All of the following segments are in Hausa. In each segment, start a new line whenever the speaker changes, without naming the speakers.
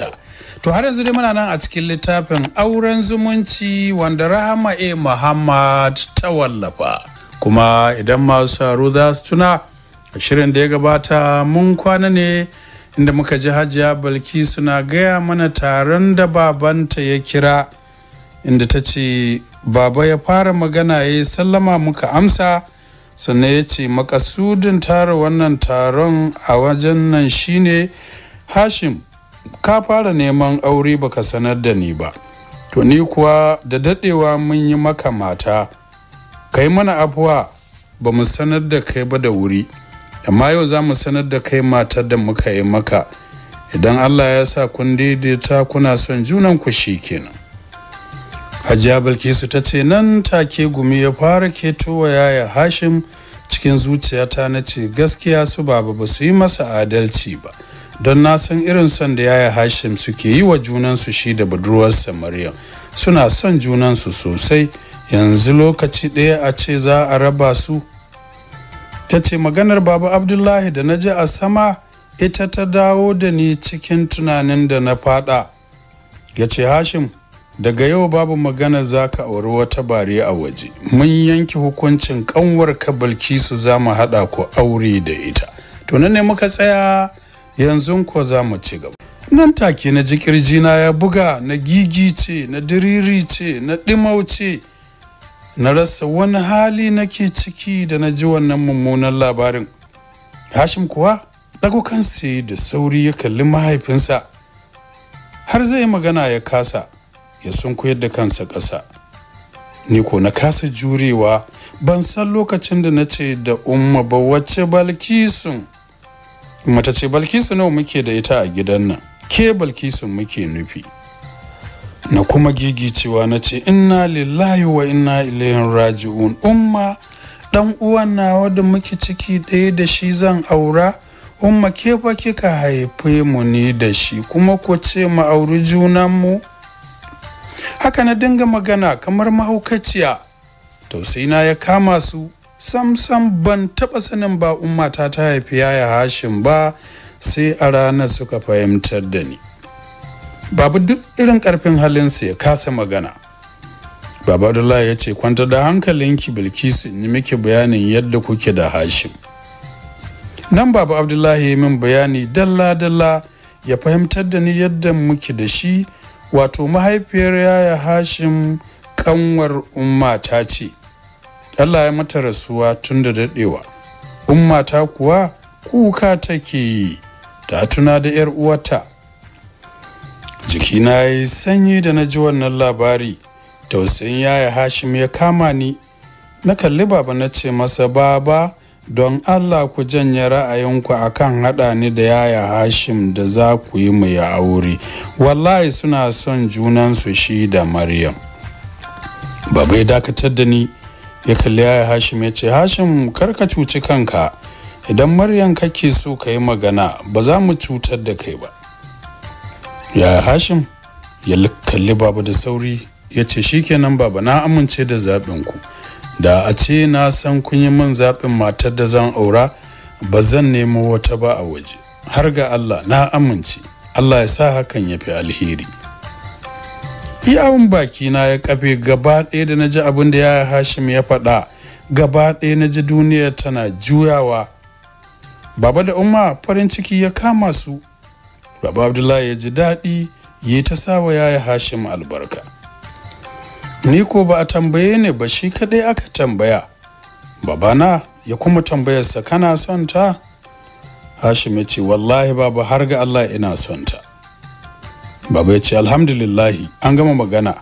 ta to har yanzu dai muna nan a cikin littafin auren zumunci wanda rahama e muhammad ta wallafa kuma idan masu haro za su tuna shirin da ya gabata mun kwana ne inda muka ji hajiya balki suna gaya mana taron da babanta ya kira inda ta ce baba ya fara magana ya yi sallama muka amsa sannan ya ce makasudin tara wannan taron a wajen nan shine hashim ka fara neman aure baka sanar da ni ba to ni kuwa da dadewa mun yi maka mata kai mana afuwa ba mu sanar da kai ba da wuri amma yau za mu sanar da kai matar da muka yi maka idan allah ya sa kun daidaita kuna son junan ku shi kenan hajiya bilkisu ta ce nan take gumi ya fara ketowa yaya hashim cikin zuciyata na ce gaskiya su baba ba su yi masa adalci ba don na san irin son da yaya hashim suke yi wa junansu shi da budurwarsa maryam suna son junansu sosai yanzu lokaci ɗaya a ce za a raba su ta ce maganar Babu abdullahi da na ji a sama ita ta dawo da ni cikin tunanin da na fada ya ce hashim daga yau babu magana za ka auri wata bari a waje mun yanki hukuncin kanwar ka su za mu haɗa ku aure da ita to nan ne muka tsaya yanzu ko za mu ci gaba nan take na ji na ya buga na gigi ce na diriri ce na ɗimauce na rasa wani hali nake ciki da na ji wannan mummunan labarin hashim kuwa ɗago da sauri ya kalli mahaifinsa har zai magana ya kasa ya sunkuyar da kansa ƙasa ni ko na kasa jurewa ban san lokacin da na ce da umma ba wacce balkisun mata ce balkisu nawa muke da ita a gidan nan ke balkisu muke nufi na kuma gigicewa na ce inna lillahi wa inna ilayhin raji'un umma dan uwan nawa da muke ciki ɗaya da shi zan aura umma ke fa kika haife mu ne da shi kuma ku ce mu auri junan mu haka na dinga magana kamar mahaukaciya to sai na ya kama su samsam ban taɓa sanin ba ummata ta haifi yaya hashin ba sai a rana suka fahimtar da ni babu duk irin ƙarfin halinsa ya kasa magana baba abdullahi ya ce kwanta da hankalinki bilkisu ni yi miki bayanin yadda kuke da hashim nan Babu abdullahi ya min bayani dalla dalla ya fahimtar da ni yadda muke da shi wato mahaifiyar yaya hashim kanwar umma ta ce Allah ya mata rasuwa tun da daɗewa. umma ta kuwa kuka take yi ta tuna da yar uwata jikina yi sanyi da na ji wannan labari tausayin yaya hashim ya kama ni na kalli baba na ce masa baba don allah ku janye ra'ayinku akan haɗa ni da yaya hashim da za ku yi mu ya aure wallahi suna son junansu shi da maryam baba ya dakatar da ni ya kalli ya hashim ya ce hashim karka cuci kanka idan maryam kake so ka yi magana ba za mu cutar da kai ba yaya hashim ya kalli baba da sauri ya ce shikenan baba na amince da zaɓin ku da a ce na san kun yi min zaɓin matar da zan aura ba zan nemo wata ba a waje har ga allah na amince allah ya sa hakan ya fi alheri yawon baki na ya kafe gaba ɗaya da naji abin da ya hashim ya faɗa gaba ɗaya na ji duniya tana juyawa baba da umma farin ciki ya kama su baba abdullahi ya ji daɗi yi ta sawa yaya hashim albarka ni ko ba a tambaye ne ba shi kaɗai aka tambaya babana ya kuma tambayarsa kana son ta hashim ya ce wallahi baba har ga allah ina son ta baba ya ce alhamdulillahi an gama magana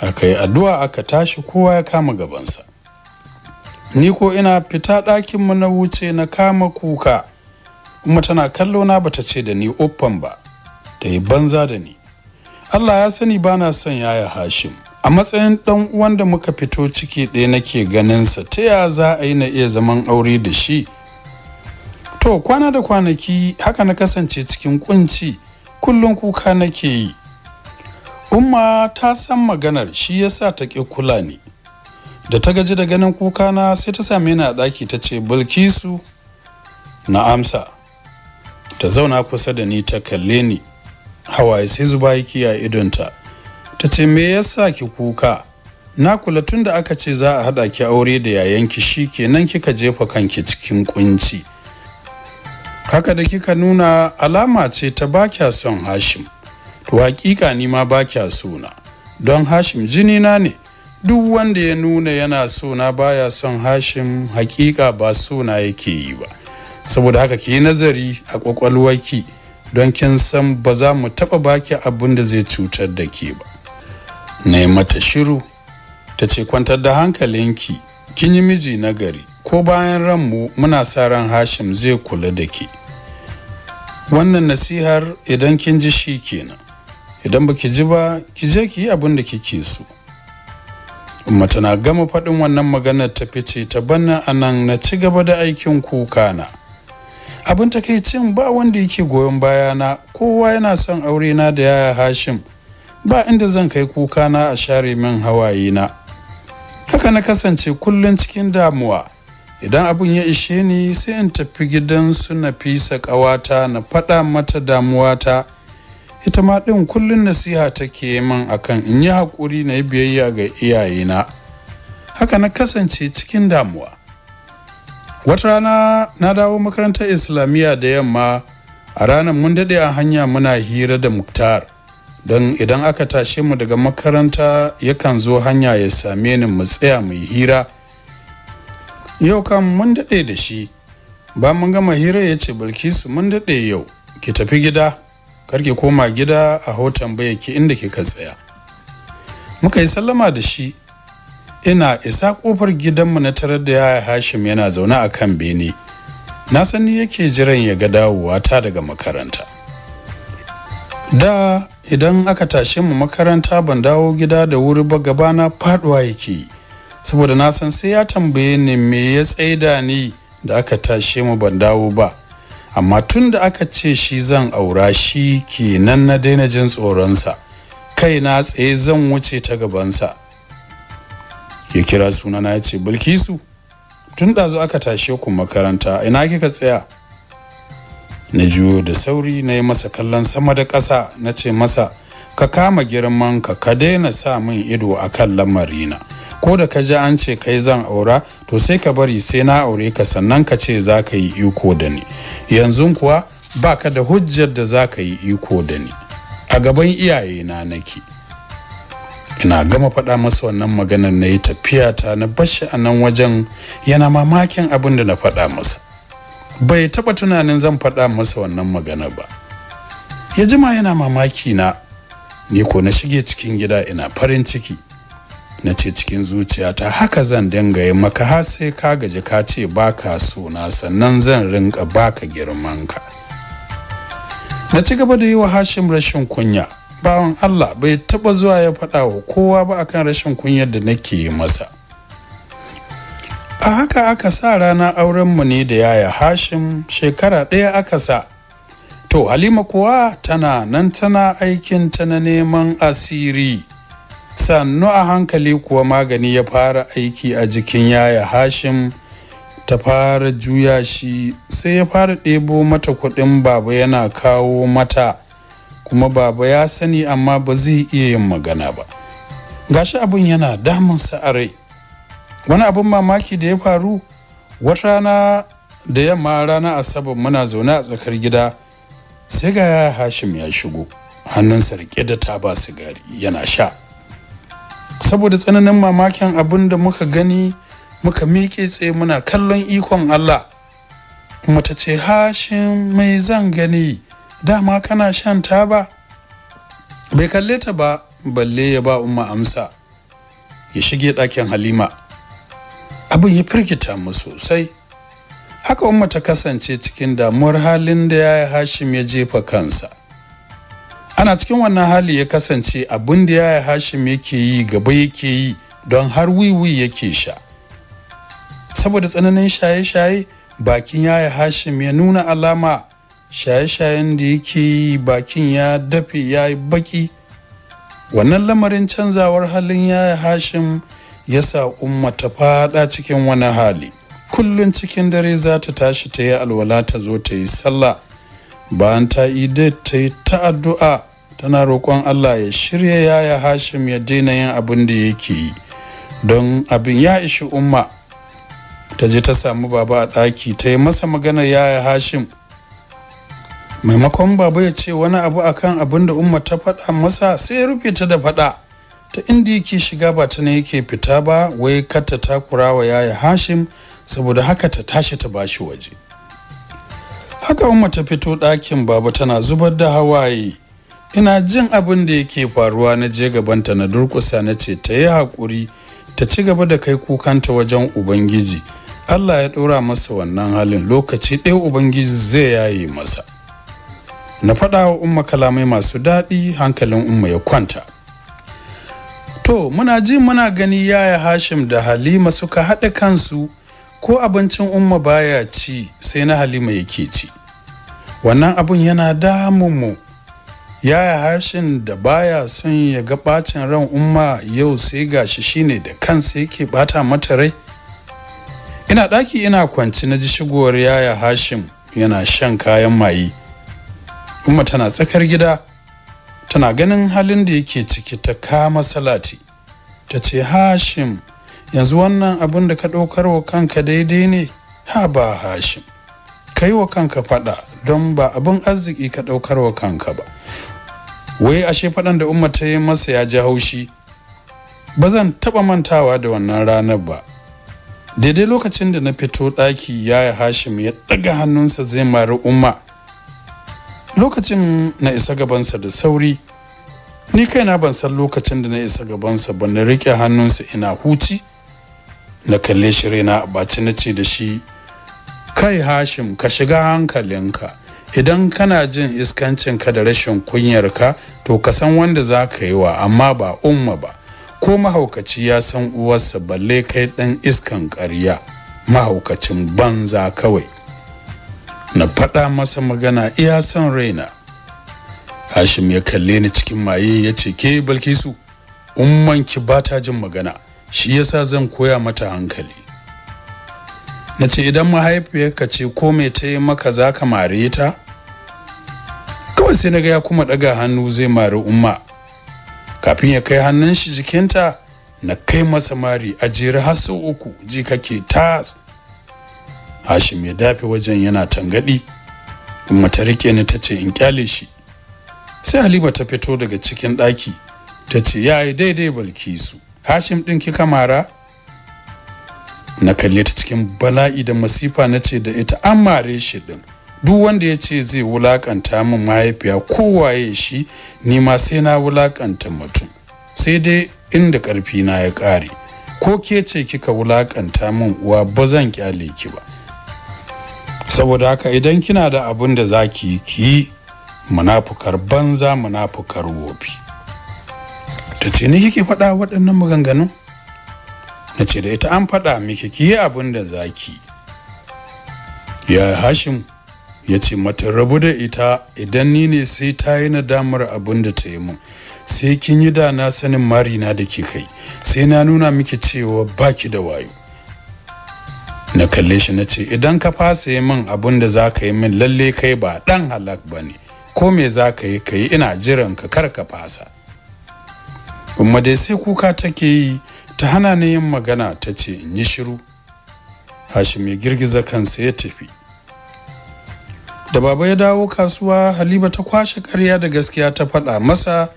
aka yi addu'a aka tashi kowa ya kama gabansa ni ko ina fita ɗakinmu na wuce na kama kuka kuma tana kallo na bata ce da ni uffan ba ta yi banza da ni Allah ya sani ba na son yaya hashim a matsayin ɗan uwan da muka fito ciki ɗaya nake ganinsa ta ya za a yi na iya zaman aure da shi to kwana da kwanaki haka na kasance cikin kunci kullum kuka nake yi umma ta san maganar shi yasa ta ƙi kula ne. da ta gaji da ganin kuka na sai ta same ni a ɗaki ta ce bilkisu na amsa ta zauna kusa da ni ta kalle ni hawaye sai zuba yake a idonta ta ce me yasa ki kuka na kula tun da aka ce za a haɗa ki aure da yayanki shi kenan kika jefa kanki cikin kunci haka da kika nuna alama ce ta ba kya son hashim to hakika ni ma ba kya sona don hashim jini na ne duk wanda ya nuna yana sona baya son hashim hakika ba sona yake yi ba saboda haka ki nazari a ki don kin san ba za mu taba baki abin da zai cutar da ke ba na yi mata shiru ta ce kwantar da hankalinki kin yi miji na gari ko bayan ranmu muna sa ran hashim zai kula da ke wannan nasihar idan kin ji shi kenan idan baki ji ba ki je ki yi abin da kike so umma tana gama faɗin wannan maganar ta fice ta banna nan na ci gaba da aikin kuka na abin takaicin ba wanda yake goyon baya na, kowa yana son aure na da yaya hashim ba inda zan kai kuka na a share min hawaye na haka na kasance kullum cikin damuwa idan abin ya ishe ni sai in tafi gidan su fisa ƙawata na faɗa mata damuwata ita ma ɗin kullum nasiha take min akan in yi haƙuri na yi biyayya ga iyayena haka na kasance cikin damuwa wata rana na dawo makarantar islamiyya da yamma a ranar mun daɗe a hanya muna hira da muktar don idan aka tashe mu daga makaranta yakan zo hanya ya same ni mu tsaya mu hira yau kam mun daɗe da shi ba mun gama hira ya ce bilkisu mun daɗe yau ki tafi gida karki koma gida a hoton baya ki inda kika tsaya muka yi sallama da shi ina isa kofar gidanmu na tarar da yaya hashim yana zaune a kan bene na sani yake jiran ya ga dawowa ta daga makaranta da idan aka tashe mu makaranta ban dawo gida da wuri ba gabana faduwa yake yi saboda na san sai ya tambaye ni me ya tsaida ni da aka tashe mu ban dawo ba amma tun da aka ce shi zan aura shi kenan na daina jin tsoronsa kai na tsaye zan wuce ta gabansa ya kira suna na ce bilkisu tun ɗazu aka tashe ku makaranta ina kika tsaya na juyo da sauri na yi masa kallon sama da ƙasa na ce masa ka kama girman ka ka daina sa min ido akan kan lamarina ko da ka ji an ce kai zan aura to sai ka bari sai na aure ka sannan ka ce za ka yi iko da ni yanzu kuwa ba ka da hujjar da za ka yi iko da ni a gaban iyaye na nake ina gama faɗa masa wannan maganar na yi tafiya ta na bashi a nan wajen yana mamakin abin da na faɗa masa bai taɓa tunanin zan faɗa masa wannan magana ba ya jima yana mamaki na ni ko na shige cikin gida ina farin ciki na ce cikin zuciyata haka zan dinga yi maka har sai ka gaji ka ce ba ka suna sannan zan rinka baka ka. na ci gaba da yi wa hashim rashin kunya bawan allah bai taba zuwa ya faɗa wa kowa ba akan rashin kunyar da nake yi masa a haka aka sa rana aurenmu ne da yaya hashim shekara ɗaya aka sa to halima kuwa tana nan tana aikin ta na neman asiri sannu a hankali kuwa magani ya fara aiki a jikin yaya hashim ta fara juya shi sai ya fara ɗebo mata kuɗin baba yana kawo mata kuma baba ya sani amma ba zai iya yin magana ba gashi abin yana damun a rai wani abin mamaki da ya faru wata rana da yamma rana asabar muna zaune a tsakar gida sai ga ya hashim ya shigo hannunsa rike da taba sigari yana sha saboda tsananin mamakin abin da muka gani muka miƙe tsaye muna kallon ikon Allah mata ce hashin mai zan gani dama kana shan taba bai kalle ta ba balle ya ba umma amsa ya shige ɗakin halima abin ya firgita mu sosai haka umma ta kasance cikin damuwar halin da ya yi hashim ya jefa kansa ana cikin wannan hali ya kasance abin da yaya hashim yake yi gaba yake yi don har wiwi yake sha saboda tsananin shaye-shaye bakin yi hashim ya nuna alama shaye-shayen da yake yi bakin ya dafe ya yi baki wannan lamarin canzawar halin yi hashim ya sa umma ta fada cikin wani hali kullum cikin dare za ta tashi ta yi alwala ta zo ta yi sallah bayan ta dai ta yi ta addu'a tana roƙon Allah ya shirya yaya Hashim ya daina yin abin da yake yi don abin ya ishi umma ta je ta samu baba a ɗaki ta yi masa maganar yaya Hashim maimakon baba ya ce wani abu akan abin da umma ta faɗa masa sai ya rufe ta da faɗa ta inda yake shiga ba ta ne yake fita ba wai kata takura wa yaya Hashim saboda haka ta tashi ta bashi waje. haka umma ta fito ɗakin baba tana zubar da hawaye ina jin abin da yake faruwa na je gabanta na durkusa na ce ta yi hakuri ta ci gaba da kai kukanta wajen ubangiji allah ya ɗora masa wannan halin lokaci ɗaya ubangiji zai yaye masa na faɗa wa umma kalamai masu daɗi hankalin umma ya kwanta to muna ji muna gani yaya hashim da halima suka haɗa kansu ko abincin umma baya ci sai na halima yake ci wannan abun yana damun mu yaya harshen da baya son ya ga bacin ran umma yau sai gashi shine da kansa yake bata mata rai ina ɗaki ina kwanci na ji shigowar yaya hashim yana shan kayan maye umma tana tsakar gida tana ganin halin da yake ciki ta kama salati ta ce hashim yanzu wannan abin da ka ɗaukar wa kanka daidai ne ha ba hashim yi wa kanka faɗa don ba abin arziki ka ɗaukar wa kanka ba wai ashe faɗan da umma ta yi masa ya ji haushi ba zan taɓa mantawa da wannan ranar ba daidai lokacin da na fito ɗaki ya yi hashim ya ɗaga hannunsa zai mari umma lokacin na isa gabansa da sauri ni kaina ban san lokacin da na isa gabansa ba na riƙe hannunsa ina huci na kalle shi raina ba baci na ce da shi kai hashim ka shiga hankalinka idan kana jin iskancinka da rashin kunyarka to ka san wanda za ka yi wa amma ba umma ba ko mahaukaci ya san uwarsa balle kai ɗan iskan ƙarya mahaukacin banza kawai na faɗa masa magana iya son raina hashim ya kalle ni cikin maye ya ce ke balkisu umman ba ta jin magana shi yasa zan koya mata hankali na ce idan mahaifiyarka ce ko mai ta yi maka za ka mare ta kawai sai na ga ya kuma daga hannu zai mari umma kafin ya kai hannun shi jikinta na kai masa mari a jere har uku ji kake tas hashim ya dafe wajen yana tangadi umma ta rike ni ta ce in kyale shi sai haliba ta fito daga cikin ɗaki ta ce ya yi daidai balkisu hashim ɗin kika mara na kalle ta cikin bala'i da masifa nace da ita an mare shi din. duk wanda yace zai wulakanta min mahaifiya ko waye shi ni ma sai na wulakanta mutum sai dai inda ƙarfi na ya kare. ko ke ce kika wulakanta min uwa ba zan kyale ki ba saboda haka idan kina da abin da zaki ki yi ki munafukar banza munafukar wofi ta ce ni kike faɗa waɗannan maganganun na ce da ita an faɗa miki ki yi abin da zaki ya hashim ya ce mata rabu da ita idan ni ne sai ta yi nadamar abin da ta yi mun sai kin yi da na sanin marina da ke kai sai na nuna miki cewa baki da wayo na kalle shi na ce idan ka fasa yi min abun da za ka yi min lalle kai ba ɗan halak ba ne ko me za ka yi ka yi ina jiran ka kar ka fasa umma dai sai kuka take yi ta hana ni yin magana ta ce in yi shiru hashim ya girgiza kansa ya tafi da baba ya dawo kasuwa halima ta kwashe karya da gaskiya ta faɗa masa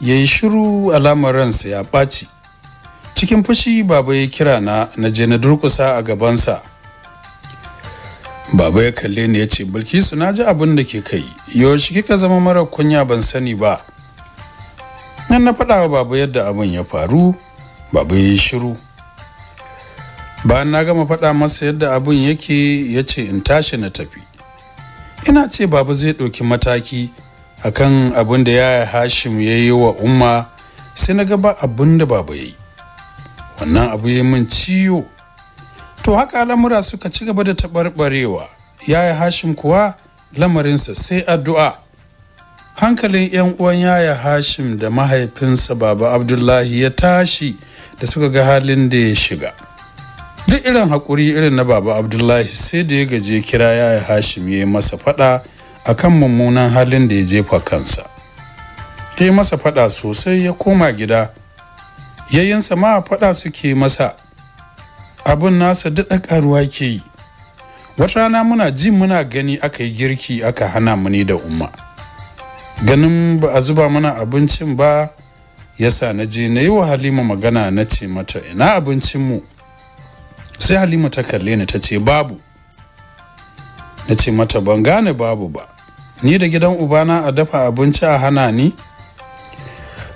ya yi shiru alamar ransa ya ɓaci cikin fushi baba ya kira na na je na durkusa a gabansa baba ya kalle ni ya ce bilkisu na ji abin da ke kai yaushe kika zama mara kunya ban sani ba nan na faɗa wa babu yadda abin ya faru babu ya yi shiru bayan na gama faɗa masa yadda abin yake ya ce in tashi na tafi ina ce babu zai ɗauki mataki akan abin da ya yi hashim ya yi wa umma sai na gaba abin da babu ya yi wannan abu ya min ciwo to haka al'amura suka ci gaba da taɓarɓarewa ya yi hashim kuwa lamarinsa sai addu'a hankalin 'yan uwan yaya hashim da mahaifinsa baba abdullahi ya tashi da suka ga halin da ya shiga duk irin haƙuri irin na baba abdullahi sai da ya gaje kira yaya hashim ya yi masa faɗa a kan mummunan halin da ya jefa kansa ya yi masa faɗa sosai ya koma gida yayinsa ma faɗa suke masa abin nasa duk ƙaruwa ke yi wata rana muna ji muna gani aka yi girki aka hana mu ne da umma ganin ba a zuba mana abincin ba yasa na je na yi wa halima magana na ce mata ina abincinmu sai halima ta kalle ni ta ce babu na ce mata ban gane babu ba ni da gidan ubana a dafa abinci a hana ni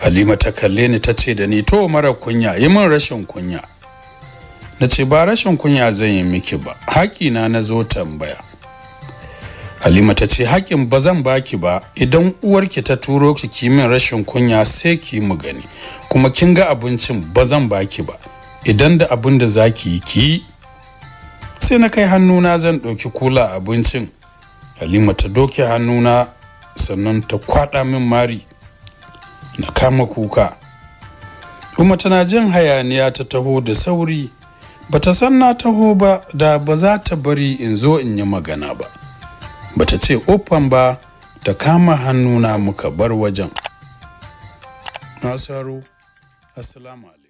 halima ta kalle ni ta ce da ni to mara kunya yi min rashin kunya na ce ba rashin kunya zan yi miki ba haƙina na zo tambaya halima ta ce hakin ba zan baki ba idan uwarki ta turo ki kimin rashin kunya sai ki mu gani kuma kin ga abincin ba zan baki ba idan da abin da zaki yi ki sai na kai hannuna zan ɗauki kula abincin halima ta doke hannuna sannan ta kwaɗa min mari na kama kuka kuma tana jin hayaniya ta taho da sauri bata san na taho ba da ba za ta bari in zo in yi magana ba bata ce ofan ba ta kama hannuna muka bar wajen. Nasaru, Assalamu alaikum.